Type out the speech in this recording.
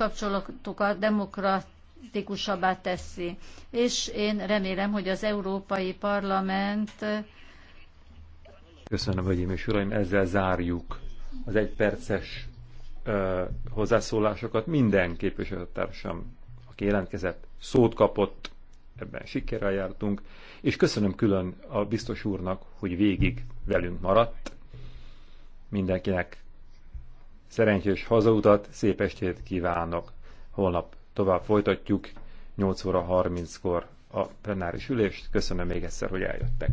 kapcsolatokat demokratikusabbá teszi. És én remélem, hogy az Európai Parlament. Köszönöm, Hölgyeim és Uraim, ezzel zárjuk az egyperces hozzászólásokat. Minden képviselőtársam, aki jelentkezett, szót kapott, ebben sikerrel jártunk, és köszönöm külön a biztos úrnak, hogy végig velünk maradt. Mindenkinek szerencsés hazautat, szép estét kívánok. Holnap tovább folytatjuk, 8 óra 30-kor a plenáris ülést. Köszönöm még egyszer, hogy eljöttek.